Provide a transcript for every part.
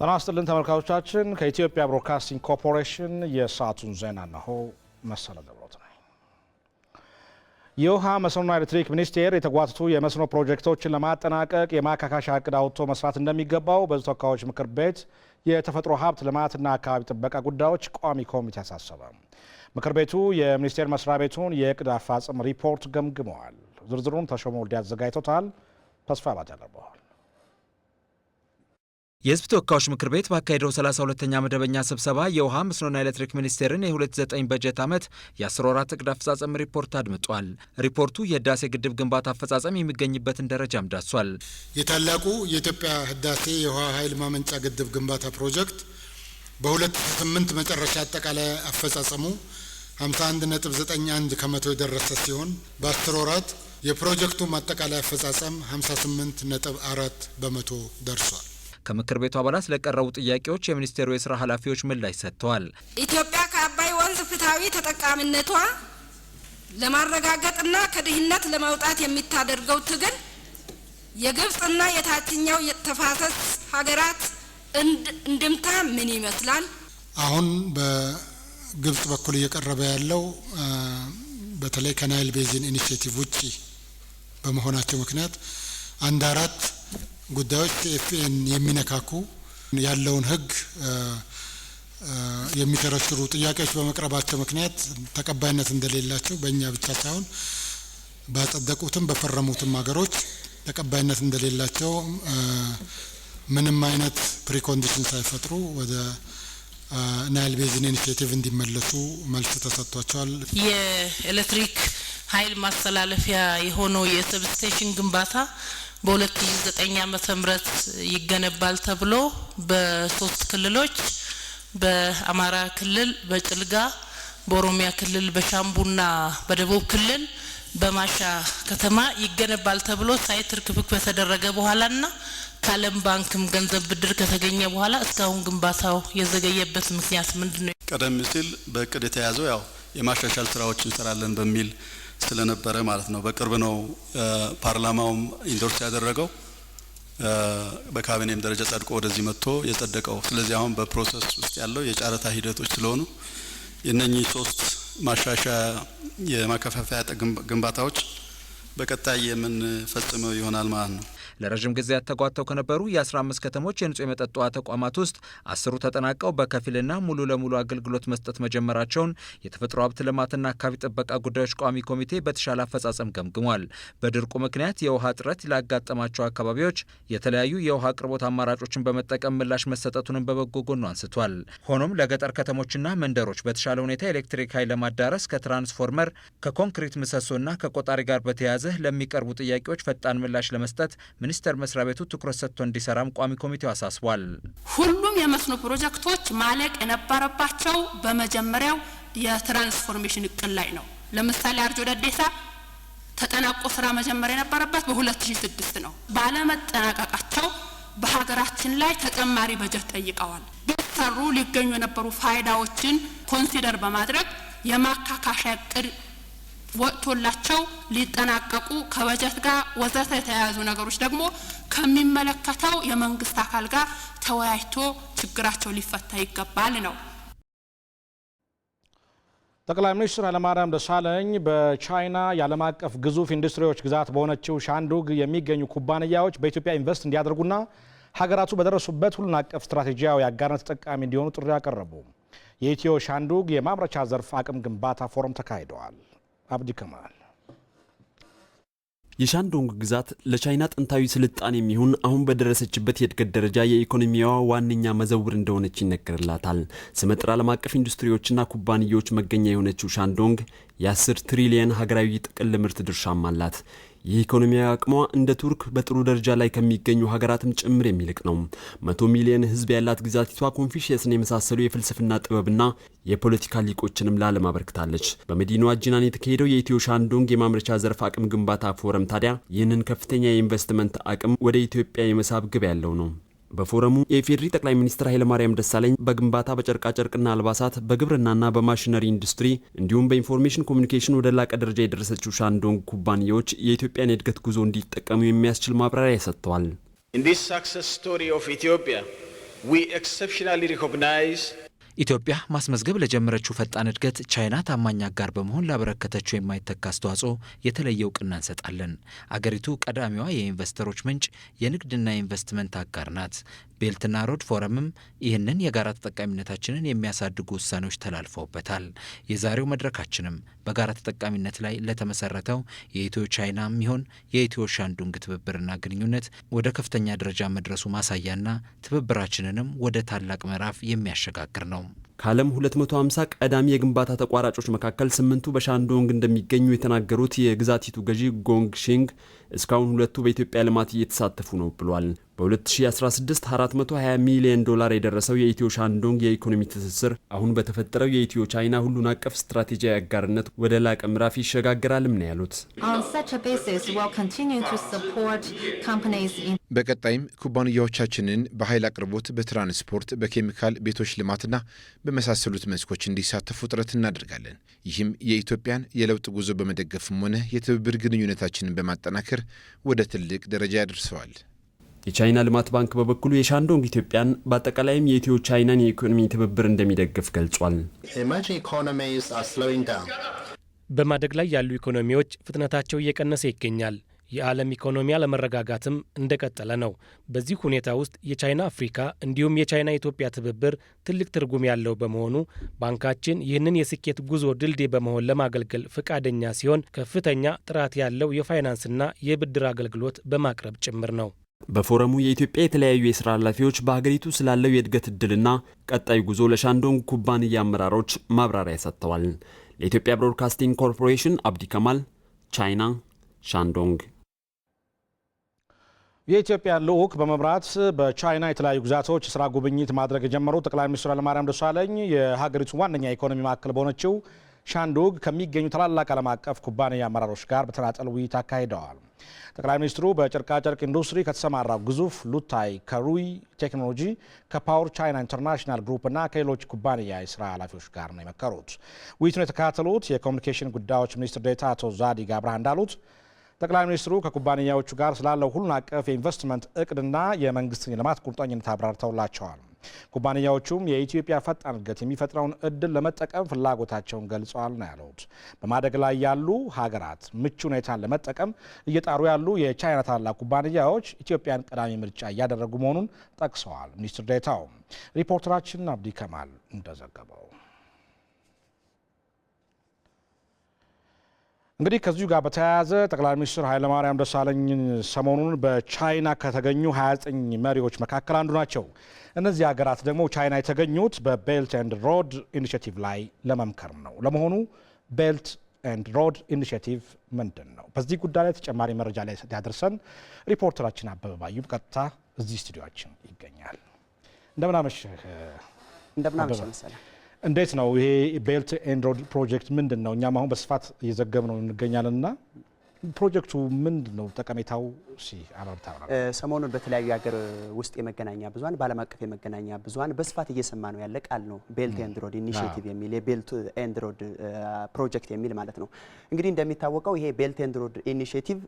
ጤና ይስጥልን ተመልካቾቻችን፣ ከኢትዮጵያ ብሮድካስቲንግ ኮርፖሬሽን የሰዓቱን ዜና እነሆ። መሰለ ገብሮት ነው። የውሃ መስኖና ኤሌክትሪክ ሚኒስቴር የተጓተቱ የመስኖ ፕሮጀክቶችን ለማጠናቀቅ የማካካሻ እቅድ አውጥቶ መስራት እንደሚገባው በሕዝብ ተወካዮች ምክር ቤት የተፈጥሮ ሀብት ልማትና አካባቢ ጥበቃ ጉዳዮች ቋሚ ኮሚቴ አሳሰበ። ምክር ቤቱ የሚኒስቴር መስሪያ ቤቱን የእቅድ አፋጽም ሪፖርት ገምግመዋል። ዝርዝሩን ተሾመ ወልዴ አዘጋጅቶታል። ተስፋ ባት ያቀርበዋል። የህዝብ ተወካዮች ምክር ቤት ባካሄደው 32ኛ መደበኛ ስብሰባ የውሃ መስኖና ኤሌክትሪክ ሚኒስቴርን የ29 በጀት ዓመት የ10 ወራት እቅድ አፈጻጸም ሪፖርት አድምጧል። ሪፖርቱ የህዳሴ ግድብ ግንባታ አፈጻጸም የሚገኝበትን ደረጃም ዳሷል። የታላቁ የኢትዮጵያ ህዳሴ የውሃ ኃይል ማመንጫ ግድብ ግንባታ ፕሮጀክት በ2008 መጨረሻ አጠቃላይ አፈጻጸሙ 51.91 ከመቶ የደረሰ ሲሆን በ10 ወራት የፕሮጀክቱ ማጠቃላይ አፈጻጸም 58.4 በመቶ ደርሷል። ከምክር ቤቱ አባላት ለቀረቡ ጥያቄዎች የሚኒስቴሩ የስራ ኃላፊዎች ምላሽ ሰጥተዋል። ኢትዮጵያ ከአባይ ወንዝ ፍትሐዊ ተጠቃሚነቷ ለማረጋገጥና ከድህነት ለመውጣት የሚታደርገው ትግል የግብጽና የታችኛው ተፋሰስ ሀገራት እንድምታ ምን ይመስላል? አሁን በግብጽ በኩል እየቀረበ ያለው በተለይ ከናይል ቤዚን ኢኒሽቲቭ ውጪ በመሆናቸው ምክንያት አንድ አራት ጉዳዮች ኤፍኤን የሚነካኩ ያለውን ህግ የሚተረትሩ ጥያቄዎች በመቅረባቸው ምክንያት ተቀባይነት እንደሌላቸው በእኛ ብቻ ሳይሆን ባጸደቁትም በፈረሙትም ሀገሮች ተቀባይነት እንደሌላቸው ምንም አይነት ፕሪኮንዲሽን ሳይፈጥሩ ወደ ናይል ቤዝን ኢኒሽቲቭ እንዲመለሱ መልስ ተሰጥቷቸዋል። የኤሌክትሪክ ኃይል ማስተላለፊያ የሆነው የሰብስቴሽን ግንባታ በ2009 ዓመተ ምህረት ይገነባል ተብሎ በሶስት ክልሎች በአማራ ክልል በጭልጋ፣ በኦሮሚያ ክልል በሻምቡና በደቡብ ክልል በማሻ ከተማ ይገነባል ተብሎ ሳይት ርክክብ ከተደረገ በኋላና ከዓለም ባንክም ገንዘብ ብድር ከተገኘ በኋላ እስካሁን ግንባታው የዘገየበት ምክንያት ምንድን ነው? ቀደም ሲል በእቅድ የተያዘው ያው የማሻሻል ስራዎች እንሰራለን በሚል ስለነበረ ማለት ነው። በቅርብ ነው ፓርላማውም ኢንዶርስ ያደረገው በካቢኔም ደረጃ ጸድቆ ወደዚህ መጥቶ የጸደቀው። ስለዚህ አሁን በፕሮሰስ ውስጥ ያለው የጨረታ ሂደቶች ስለሆኑ የእነኚህ ሶስት ማሻሻያ የማከፋፈያ ግንባታዎች በቀጣይ የምንፈጽመው ይሆናል ማለት ነው። ለረዥም ጊዜያት ተጓተው ከነበሩ የ15 ከተሞች የንጹህ የመጠጥ ውሃ ተቋማት ውስጥ አስሩ ተጠናቀው በከፊልና ሙሉ ለሙሉ አገልግሎት መስጠት መጀመራቸውን የተፈጥሮ ሀብት ልማትና አካባቢ ጥበቃ ጉዳዮች ቋሚ ኮሚቴ በተሻለ አፈጻጸም ገምግሟል። በድርቁ ምክንያት የውሃ እጥረት ላጋጠማቸው አካባቢዎች የተለያዩ የውሃ አቅርቦት አማራጮችን በመጠቀም ምላሽ መሰጠቱንም በበጎ ጎኑ አንስቷል። ሆኖም ለገጠር ከተሞችና መንደሮች በተሻለ ሁኔታ ኤሌክትሪክ ኃይል ለማዳረስ ከትራንስፎርመር ከኮንክሪት ምሰሶና ከቆጣሪ ጋር በተያያዘ ለሚቀርቡ ጥያቄዎች ፈጣን ምላሽ ለመስጠት ሚኒስቴር መስሪያ ቤቱ ትኩረት ሰጥቶ እንዲሰራም ቋሚ ኮሚቴው አሳስቧል። ሁሉም የመስኖ ፕሮጀክቶች ማለቅ የነበረባቸው በመጀመሪያው የትራንስፎርሜሽን እቅድ ላይ ነው። ለምሳሌ አርጆ ደዴሳ ተጠናቆ ስራ መጀመር የነበረበት በ2006 ነው። ባለመጠናቀቃቸው በሀገራችን ላይ ተጨማሪ በጀት ጠይቀዋል። ቢሰሩ ሊገኙ የነበሩ ፋይዳዎችን ኮንሲደር በማድረግ የማካካሻ እቅድ ወጥቶላቸው ሊጠናቀቁ ከበጀት ጋር ወዘተ የተያያዙ ነገሮች ደግሞ ከሚመለከተው የመንግስት አካል ጋር ተወያይቶ ችግራቸው ሊፈታ ይገባል ነው። ጠቅላይ ሚኒስትር ኃይለማርያም ደሳለኝ በቻይና የዓለም አቀፍ ግዙፍ ኢንዱስትሪዎች ግዛት በሆነችው ሻንዱግ የሚገኙ ኩባንያዎች በኢትዮጵያ ኢንቨስት እንዲያደርጉና ሀገራቱ በደረሱበት ሁሉን አቀፍ ስትራቴጂያዊ አጋርነት ተጠቃሚ እንዲሆኑ ጥሪ አቀረቡ። የኢትዮ ሻንዱግ የማምረቻ ዘርፍ አቅም ግንባታ ፎረም ተካሂደዋል። አብዲ ከማል የሻንዶንግ ግዛት ለቻይና ጥንታዊ ስልጣን የሚሆን አሁን በደረሰችበት የእድገት ደረጃ የኢኮኖሚዋ ዋነኛ መዘውር እንደሆነች ይነገርላታል። ስመጥር ዓለም አቀፍ ኢንዱስትሪዎችና ኩባንያዎች መገኛ የሆነችው ሻንዶንግ የ10 ትሪሊየን ሀገራዊ ጥቅል ምርት ድርሻም አላት። የኢኮኖሚያዊ አቅሟ እንደ ቱርክ በጥሩ ደረጃ ላይ ከሚገኙ ሀገራትም ጭምር የሚልቅ ነው። መቶ ሚሊየን ህዝብ ያላት ግዛቲቷ ኮንፊሽየስን የመሳሰሉ የፍልስፍና ጥበብና የፖለቲካ ሊቆችንም ለዓለም አበርክታለች። በመዲናዋ ጂናን የተካሄደው የኢትዮ ሻንዶንግ የማምረቻ ዘርፍ አቅም ግንባታ ፎረም ታዲያ ይህንን ከፍተኛ የኢንቨስትመንት አቅም ወደ ኢትዮጵያ የመሳብ ግብ ያለው ነው። በፎረሙ የኢፌዴሪ ጠቅላይ ሚኒስትር ኃይለማርያም ደሳለኝ በግንባታ በጨርቃጨርቅና አልባሳት በግብርናና በማሽነሪ ኢንዱስትሪ እንዲሁም በኢንፎርሜሽን ኮሚኒኬሽን ወደ ላቀ ደረጃ የደረሰችው ሻንዶንግ ኩባንያዎች የኢትዮጵያን የእድገት ጉዞ እንዲጠቀሙ የሚያስችል ማብራሪያ ሰጥተዋል። ኢትዮጵያ ማስመዝገብ ለጀመረችው ፈጣን እድገት ቻይና ታማኝ አጋር በመሆን ላበረከተችው የማይተካ አስተዋጽኦ የተለየ እውቅና እንሰጣለን። አገሪቱ ቀዳሚዋ የኢንቨስተሮች ምንጭ፣ የንግድና የኢንቨስትመንት አጋር ናት። ቤልትና ሮድ ፎረምም ይህንን የጋራ ተጠቃሚነታችንን የሚያሳድጉ ውሳኔዎች ተላልፈውበታል። የዛሬው መድረካችንም በጋራ ተጠቃሚነት ላይ ለተመሰረተው የኢትዮ ቻይና የሚሆን የኢትዮ ሻንዱንግ ትብብርና ግንኙነት ወደ ከፍተኛ ደረጃ መድረሱ ማሳያና ትብብራችንንም ወደ ታላቅ ምዕራፍ የሚያሸጋግር ነው። home. ከዓለም 250 ቀዳሚ የግንባታ ተቋራጮች መካከል ስምንቱ በሻንዶንግ እንደሚገኙ የተናገሩት የግዛቲቱ ገዢ ጎንግ ሺንግ እስካሁን ሁለቱ በኢትዮጵያ ልማት እየተሳተፉ ነው ብሏል። በ2016 420 ሚሊዮን ዶላር የደረሰው የኢትዮ ሻንዶንግ የኢኮኖሚ ትስስር አሁን በተፈጠረው የኢትዮ ቻይና ሁሉን አቀፍ ስትራቴጂያዊ አጋርነት ወደ ላቀ ምዕራፍ ይሸጋግራልም ነው ያሉት። በቀጣይም ኩባንያዎቻችንን በኃይል አቅርቦት፣ በትራንስፖርት፣ በኬሚካል ቤቶች ልማትና በመሳሰሉት መስኮች እንዲሳተፉ ጥረት እናደርጋለን። ይህም የኢትዮጵያን የለውጥ ጉዞ በመደገፍም ሆነ የትብብር ግንኙነታችንን በማጠናከር ወደ ትልቅ ደረጃ ያደርሰዋል። የቻይና ልማት ባንክ በበኩሉ የሻንዶንግ ኢትዮጵያን በአጠቃላይም የኢትዮ ቻይናን የኢኮኖሚ ትብብር እንደሚደግፍ ገልጿል። በማደግ ላይ ያሉ ኢኮኖሚዎች ፍጥነታቸው እየቀነሰ ይገኛል። የዓለም ኢኮኖሚ አለመረጋጋትም እንደቀጠለ ነው። በዚህ ሁኔታ ውስጥ የቻይና አፍሪካ እንዲሁም የቻይና ኢትዮጵያ ትብብር ትልቅ ትርጉም ያለው በመሆኑ ባንካችን ይህንን የስኬት ጉዞ ድልድይ በመሆን ለማገልገል ፈቃደኛ ሲሆን ከፍተኛ ጥራት ያለው የፋይናንስና የብድር አገልግሎት በማቅረብ ጭምር ነው። በፎረሙ የኢትዮጵያ የተለያዩ የስራ ኃላፊዎች በሀገሪቱ ስላለው የእድገት እድልና ቀጣይ ጉዞ ለሻንዶንግ ኩባንያ አመራሮች ማብራሪያ ሰጥተዋል። ለኢትዮጵያ ብሮድካስቲንግ ኮርፖሬሽን አብዲ ከማል ቻይና ሻንዶንግ የኢትዮጵያ ልዑክ በመምራት በቻይና የተለያዩ ግዛቶች ስራ ጉብኝት ማድረግ የጀመሩ ጠቅላይ ሚኒስትር ኃይለማርያም ደሳለኝ የሀገሪቱ ዋነኛ ኢኮኖሚ ማዕከል በሆነችው ሻንዱግ ከሚገኙ ታላላቅ ዓለም አቀፍ ኩባንያ አመራሮች ጋር በተናጠል ውይይት አካሂደዋል። ጠቅላይ ሚኒስትሩ በጨርቃጨርቅ ኢንዱስትሪ ከተሰማራው ግዙፍ ሉታይ ከሩይ ቴክኖሎጂ ከፓወር ቻይና ኢንተርናሽናል ግሩፕና ከሌሎች ኩባንያ የስራ ኃላፊዎች ጋር ነው የመከሩት። ውይይቱን የተከታተሉት የኮሚኒኬሽን ጉዳዮች ሚኒስትር ዴታ አቶ ዛዲግ አብርሃ እንዳሉት ጠቅላይ ሚኒስትሩ ከኩባንያዎቹ ጋር ስላለው ሁሉን አቀፍ የኢንቨስትመንት እቅድና የመንግስትን የልማት ቁርጠኝነት አብራርተውላቸዋል። ኩባንያዎቹም የኢትዮጵያ ፈጣን እድገት የሚፈጥረውን እድል ለመጠቀም ፍላጎታቸውን ገልጸዋል ነው ያሉት። በማደግ ላይ ያሉ ሀገራት ምቹ ሁኔታን ለመጠቀም እየጣሩ ያሉ የቻይና ታላቅ ኩባንያዎች ኢትዮጵያን ቀዳሚ ምርጫ እያደረጉ መሆኑን ጠቅሰዋል። ሚኒስትር ዴታው ሪፖርተራችን አብዲ ከማል እንደዘገበው እንግዲህ ከዚሁ ጋር በተያያዘ ጠቅላይ ሚኒስትር ኃይለማርያም ደሳለኝ ሰሞኑን በቻይና ከተገኙ 29 መሪዎች መካከል አንዱ ናቸው። እነዚህ ሀገራት ደግሞ ቻይና የተገኙት በቤልት ኤንድ ሮድ ኢኒሽቲቭ ላይ ለመምከር ነው። ለመሆኑ ቤልት ኤንድ ሮድ ኢኒሽቲቭ ምንድን ነው? በዚህ ጉዳይ ላይ ተጨማሪ መረጃ ላይ ያደርሰን ሪፖርተራችን አበበ ባዩ ቀጥታ እዚህ ስቱዲዮችን ይገኛል። እንደምናመሽ እንደምናመሽ መሰለኝ እንዴት ነው ይሄ ቤልት ኤንድ ሮድ ፕሮጀክት ምንድን ነው? እኛም አሁን በስፋት እየዘገብ ነው እንገኛለን እና ፕሮጀክቱ ምንድን ነው ጠቀሜታው? እሺ አብራርታ። ሰሞኑን በተለያዩ ሀገር ውስጥ የመገናኛ ብዙሃን በዓለም አቀፍ የመገናኛ ብዙሃን በስፋት እየሰማ ነው ያለ ቃል ነው ቤልት ኤንድ ሮድ ኢኒሼቲቭ የሚል የቤልት ኤንድ ሮድ ፕሮጀክት የሚል ማለት ነው። እንግዲህ እንደሚታወቀው ይሄ ቤልት ኤንድ ሮድ ኢኒሼቲቭ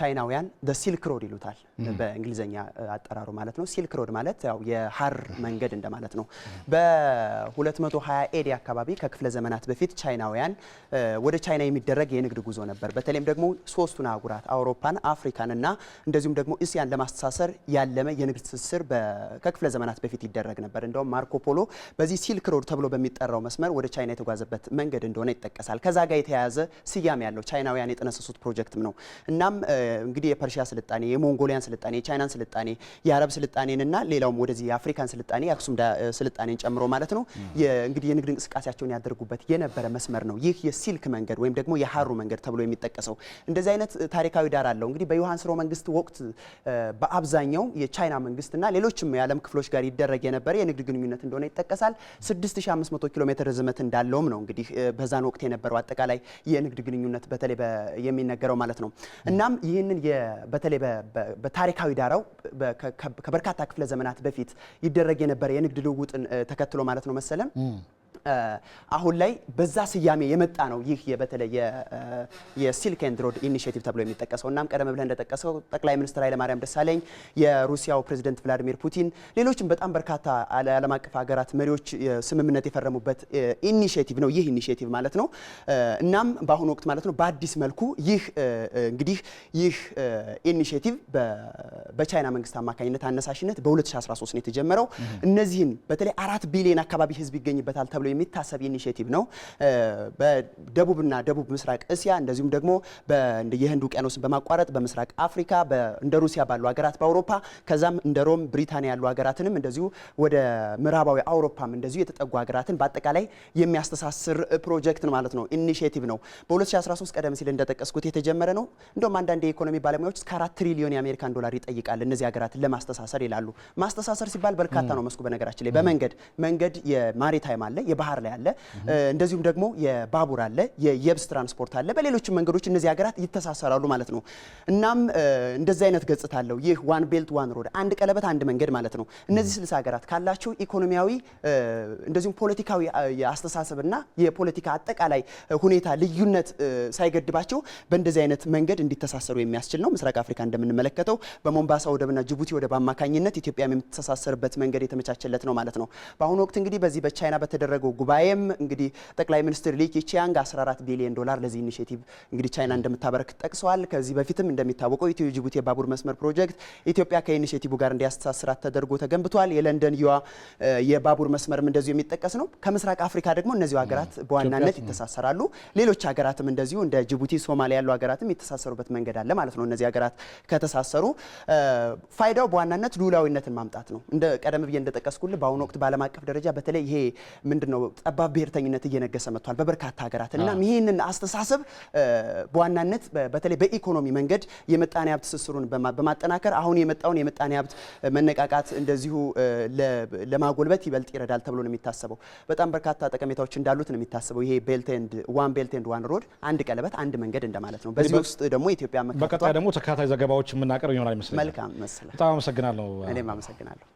ቻይናውያን ደ ሲልክ ሮድ ይሉታል በእንግሊዝኛ አጠራሩ ማለት ነው። ሲልክ ሮድ ማለት ያው የሀር መንገድ እንደማለት ነው። በ220 ኤዲ አካባቢ ከክፍለ ዘመናት በፊት ቻይናውያን ወደ ቻይና የሚደረግ የንግድ ጉዞ ነበር። በተለይም ደግሞ ሶስቱን አህጉራት አውሮፓን፣ አፍሪካን እና እንደዚሁም ደግሞ እስያን ለማስተሳሰር ያለመ የንግድ ትስስር ከክፍለ ዘመናት በፊት ይደረግ ነበር። እንደውም ማርኮ ፖሎ በዚህ ሲልክ ሮድ ተብሎ በሚጠራው መስመር ወደ ቻይና የተጓዘበት መንገድ እንደሆነ ይጠቀሳል። ከዛ ጋር የተያያዘ ስያሜ ያለው ቻይናውያን የጠነሰሱት ፕሮጀክትም ነው። እናም እንግዲህ የፐርሺያ ስልጣኔ፣ የሞንጎሊያን ስልጣኔ፣ የቻይናን ስልጣኔ፣ የአረብ እና ሌላውም ወደዚህ የአፍሪካን ስልጣኔ የአክሱም ስልጣኔን ጨምሮ ማለት ነው እንግዲህ የንግድ እንቅስቃሴያቸውን ያደርጉበት የነበረ መስመር ነው ይህ የሲልክ መንገድ ወይም ደግሞ የሀሩ መንገድ ተብሎ የሚጠቀሰው እንደዚ እንደዚህ አይነት ታሪካዊ ዳራ አለው። እንግዲህ በዮሐንስ ሮ መንግስት ወቅት በአብዛኛው የቻይና መንግስትና ሌሎችም የዓለም ክፍሎች ጋር ይደረግ የነበረ የንግድ ግንኙነት እንደሆነ ይጠቀሳል። 6500 ኪሎ ሜትር ርዝመት እንዳለውም ነው እንግዲህ በዛን ወቅት የነበረው አጠቃላይ የንግድ ግንኙነት በተለይ የሚነገረው ማለት ነው። እናም ይህንን በተለይ በታሪካዊ ዳራው ከበርካታ ክፍለ ዘመናት በፊት ይደረግ የነበረ የንግድ ልውውጥን ተከትሎ ማለት ነው መሰለም አሁን ላይ በዛ ስያሜ የመጣ ነው። ይህ በተለይ የሲልክ ኤንድ ሮድ ኢኒሼቲቭ ተብሎ የሚጠቀሰው እናም ቀደም ብለህ እንደጠቀሰው ጠቅላይ ሚኒስትር ኃይለማርያም ደሳለኝ፣ የሩሲያው ፕሬዚደንት ቭላዲሚር ፑቲን፣ ሌሎችም በጣም በርካታ ዓለም አቀፍ ሀገራት መሪዎች ስምምነት የፈረሙበት ኢኒሼቲቭ ነው ይህ ኢኒሼቲቭ ማለት ነው። እናም በአሁኑ ወቅት ማለት ነው በአዲስ መልኩ ይህ እንግዲህ ይህ ኢኒሼቲቭ በቻይና መንግስት አማካኝነት አነሳሽነት በ2013 ነው የተጀመረው። እነዚህን በተለይ አራት ቢሊዮን አካባቢ ህዝብ ይገኝበታል ተብሎ የሚታሰብ ኢኒሽቲቭ ነው። በደቡብና ደቡብ ምስራቅ እስያ እንደዚሁም ደግሞ የህንድ ውቅያኖስን በማቋረጥ በምስራቅ አፍሪካ እንደ ሩሲያ ባሉ ሀገራት በአውሮፓ ከዛም እንደ ሮም ብሪታንያ ያሉ ሀገራትንም እንደዚሁ ወደ ምዕራባዊ አውሮፓም እንደዚሁ የተጠጉ ሀገራትን በአጠቃላይ የሚያስተሳስር ፕሮጀክት ነው ማለት ነው፣ ኢኒሽቲቭ ነው። በ2013 ቀደም ሲል እንደጠቀስኩት የተጀመረ ነው። እንደውም አንዳንድ የኢኮኖሚ ባለሙያዎች እስከ አራት ትሪሊዮን የአሜሪካን ዶላር ይጠይቃል እነዚህ ሀገራትን ለማስተሳሰር ይላሉ። ማስተሳሰር ሲባል በርካታ ነው መስኩ። በነገራችን ላይ በመንገድ መንገድ የማሪታይም አለ የባህር ላይ አለ፣ እንደዚሁም ደግሞ የባቡር አለ፣ የየብስ ትራንስፖርት አለ። በሌሎችም መንገዶች እነዚህ ሀገራት ይተሳሰራሉ ማለት ነው። እናም እንደዚህ አይነት ገጽታ አለው ይህ ዋን ቤልት ዋን ሮድ፣ አንድ ቀለበት አንድ መንገድ ማለት ነው። እነዚህ ስልሳ ሀገራት ካላቸው ኢኮኖሚያዊ እንደዚሁም ፖለቲካዊ አስተሳሰብና የፖለቲካ አጠቃላይ ሁኔታ ልዩነት ሳይገድባቸው በእንደዚህ አይነት መንገድ እንዲተሳሰሩ የሚያስችል ነው። ምስራቅ አፍሪካ እንደምንመለከተው በሞምባሳ ወደብና ጅቡቲ ወደብ አማካኝነት ኢትዮጵያ የምትተሳሰርበት መንገድ የተመቻቸለት ነው ማለት ነው። በአሁኑ ወቅት እንግዲህ በዚህ በቻይና በተደረገው ያደረገው ጉባኤም እንግዲህ ጠቅላይ ሚኒስትር ሊ ቺያንግ 14 ቢሊዮን ዶላር ለዚህ ኢኒሼቲቭ እንግዲህ ቻይና እንደምታበረክ ጠቅሰዋል። ከዚህ በፊትም እንደሚታወቀው ኢትዮ ጅቡቲ የባቡር መስመር ፕሮጀክት ኢትዮጵያ ከኢኒሼቲቭ ጋር እንዲያስተሳስራት ተደርጎ ተገንብቷል። የለንደን ዩዋ የባቡር መስመርም እንደዚሁ የሚጠቀስ ነው። ከምስራቅ አፍሪካ ደግሞ እነዚሁ ሀገራት በዋናነት ይተሳሰራሉ። ሌሎች ሀገራትም እንደዚሁ እንደ ጅቡቲ፣ ሶማሊያ ያሉ ሀገራትም የተሳሰሩበት መንገድ አለ ማለት ነው። እነዚህ ሀገራት ከተሳሰሩ ፋይዳው በዋናነት ሉላዊነትን ማምጣት ነው። እንደ ቀደም ብዬ እንደጠቀስኩልህ በአሁኑ ወቅት በዓለም አቀፍ ደረጃ በተለይ ይሄ ምንድነው ነው ጠባብ ብሔርተኝነት እየነገሰ መጥቷል በበርካታ ሀገራት። እናም ይህንን አስተሳሰብ በዋናነት በተለይ በኢኮኖሚ መንገድ የምጣኔ ሀብት ትስስሩን በማጠናከር አሁን የመጣውን የምጣኔ ሀብት መነቃቃት እንደዚሁ ለማጎልበት ይበልጥ ይረዳል ተብሎ ነው የሚታሰበው። በጣም በርካታ ጠቀሜታዎች እንዳሉት ነው የሚታሰበው። ይሄ ቤልት ኤንድ ዋን ቤልት ኤንድ ዋን ሮድ አንድ ቀለበት አንድ መንገድ እንደማለት ነው። በዚህ ውስጥ ደግሞ ኢትዮጵያ መካተቷ በቀጣይ ደግሞ ተከታታይ ዘገባዎች የምናቀርብ ይሆናል ይመስለኛል። መልካም መሰለህ። በጣም አመሰግናለሁ። እኔም አመሰግናለሁ።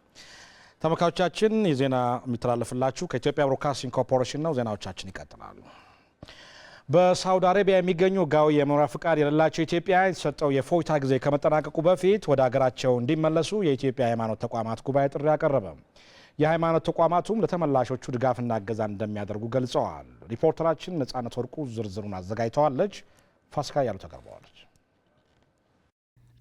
ተመልካቾቻችን የዜና የሚተላለፍላችሁ ከኢትዮጵያ ብሮድካስቲንግ ኮርፖሬሽን ነው። ዜናዎቻችን ይቀጥላሉ። በሳውዲ አረቢያ የሚገኙ ህጋዊ የመኖሪያ ፍቃድ የሌላቸው ኢትዮጵያውያን የተሰጠው የፎይታ ጊዜ ከመጠናቀቁ በፊት ወደ ሀገራቸው እንዲመለሱ የኢትዮጵያ ሃይማኖት ተቋማት ጉባኤ ጥሪ አቀረበ። የሃይማኖት ተቋማቱም ለተመላሾቹ ድጋፍና እገዛ እንደሚያደርጉ ገልጸዋል። ሪፖርተራችን ነጻነት ወርቁ ዝርዝሩን አዘጋጅተዋለች። ፋሲካ ያሉ ተቀርበዋለች።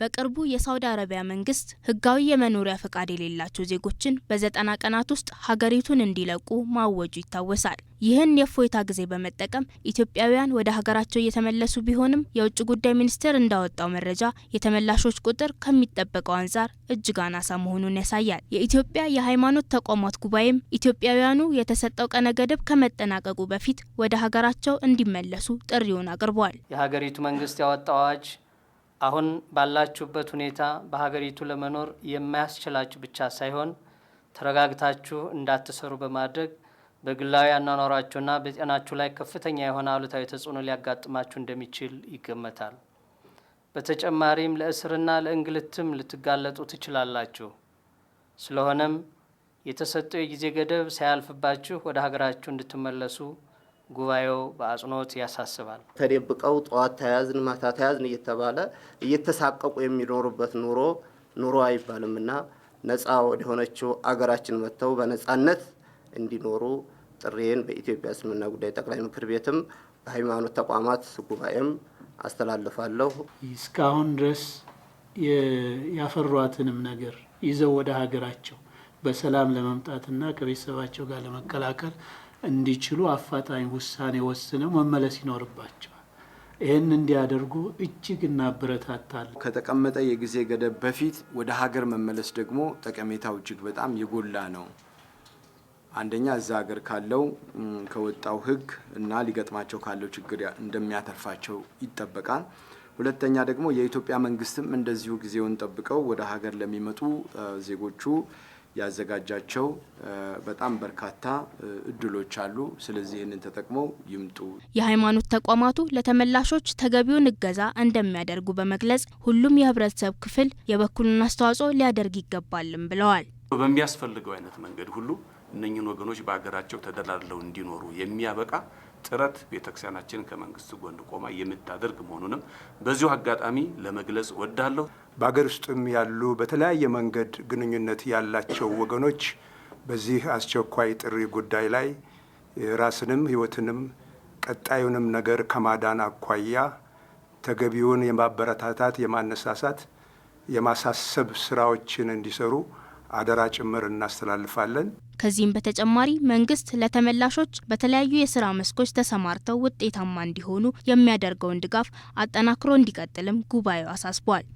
በቅርቡ የሳውዲ አረቢያ መንግስት ህጋዊ የመኖሪያ ፈቃድ የሌላቸው ዜጎችን በዘጠና ቀናት ውስጥ ሀገሪቱን እንዲለቁ ማወጁ ይታወሳል። ይህን የእፎይታ ጊዜ በመጠቀም ኢትዮጵያውያን ወደ ሀገራቸው እየተመለሱ ቢሆንም የውጭ ጉዳይ ሚኒስቴር እንዳወጣው መረጃ የተመላሾች ቁጥር ከሚጠበቀው አንጻር እጅግ አናሳ መሆኑን ያሳያል። የኢትዮጵያ የሃይማኖት ተቋማት ጉባኤም ኢትዮጵያውያኑ የተሰጠው ቀነ ገደብ ከመጠናቀቁ በፊት ወደ ሀገራቸው እንዲመለሱ ጥሪውን አቅርቧል። የሀገሪቱ መንግስት ያወጣው አዋጅ አሁን ባላችሁበት ሁኔታ በሀገሪቱ ለመኖር የማያስችላችሁ ብቻ ሳይሆን ተረጋግታችሁ እንዳትሰሩ በማድረግ በግላዊ አኗኗሯችሁና በጤናችሁ ላይ ከፍተኛ የሆነ አሉታዊ ተጽዕኖ ሊያጋጥማችሁ እንደሚችል ይገመታል። በተጨማሪም ለእስርና ለእንግልትም ልትጋለጡ ትችላላችሁ። ስለሆነም የተሰጠው የጊዜ ገደብ ሳያልፍባችሁ ወደ ሀገራችሁ እንድትመለሱ ጉባኤው በአጽንኦት ያሳስባል። ተደብቀው ጠዋት ተያዝን ማታ ተያዝን እየተባለ እየተሳቀቁ የሚኖሩበት ኑሮ ኑሮ አይባልም እና ነጻ ወደሆነችው አገራችን መጥተው በነጻነት እንዲኖሩ ጥሬን በኢትዮጵያ እስልምና ጉዳይ ጠቅላይ ምክር ቤትም በሃይማኖት ተቋማት ጉባኤም አስተላልፋለሁ። እስካሁን ድረስ ያፈሯትንም ነገር ይዘው ወደ ሀገራቸው በሰላም ለመምጣትና ከቤተሰባቸው ጋር ለመቀላቀል እንዲችሉ አፋጣኝ ውሳኔ ወስነው መመለስ ይኖርባቸዋል። ይህን እንዲያደርጉ እጅግ እናበረታታለን። ከተቀመጠ የጊዜ ገደብ በፊት ወደ ሀገር መመለስ ደግሞ ጠቀሜታው እጅግ በጣም የጎላ ነው። አንደኛ እዛ ሀገር ካለው ከወጣው ሕግ እና ሊገጥማቸው ካለው ችግር እንደሚያተርፋቸው ይጠበቃል። ሁለተኛ ደግሞ የኢትዮጵያ መንግስትም እንደዚሁ ጊዜውን ጠብቀው ወደ ሀገር ለሚመጡ ዜጎቹ ያዘጋጃቸው በጣም በርካታ እድሎች አሉ። ስለዚህ ይህንን ተጠቅመው ይምጡ። የሃይማኖት ተቋማቱ ለተመላሾች ተገቢውን እገዛ እንደሚያደርጉ በመግለጽ ሁሉም የህብረተሰብ ክፍል የበኩሉን አስተዋጽኦ ሊያደርግ ይገባልም ብለዋል። በሚያስፈልገው አይነት መንገድ ሁሉ እነኝን ወገኖች በሀገራቸው ተደላድለው እንዲኖሩ የሚያበቃ ጥረት ቤተክርስቲያናችን ከመንግስት ጎን ቆማ የምታደርግ መሆኑንም በዚሁ አጋጣሚ ለመግለጽ ወዳለሁ በአገር ውስጥም ያሉ በተለያየ መንገድ ግንኙነት ያላቸው ወገኖች በዚህ አስቸኳይ ጥሪ ጉዳይ ላይ ራስንም ህይወትንም ቀጣዩንም ነገር ከማዳን አኳያ ተገቢውን የማበረታታት፣ የማነሳሳት፣ የማሳሰብ ስራዎችን እንዲሰሩ አደራ ጭምር እናስተላልፋለን። ከዚህም በተጨማሪ መንግስት ለተመላሾች በተለያዩ የስራ መስኮች ተሰማርተው ውጤታማ እንዲሆኑ የሚያደርገውን ድጋፍ አጠናክሮ እንዲቀጥልም ጉባኤው አሳስቧል።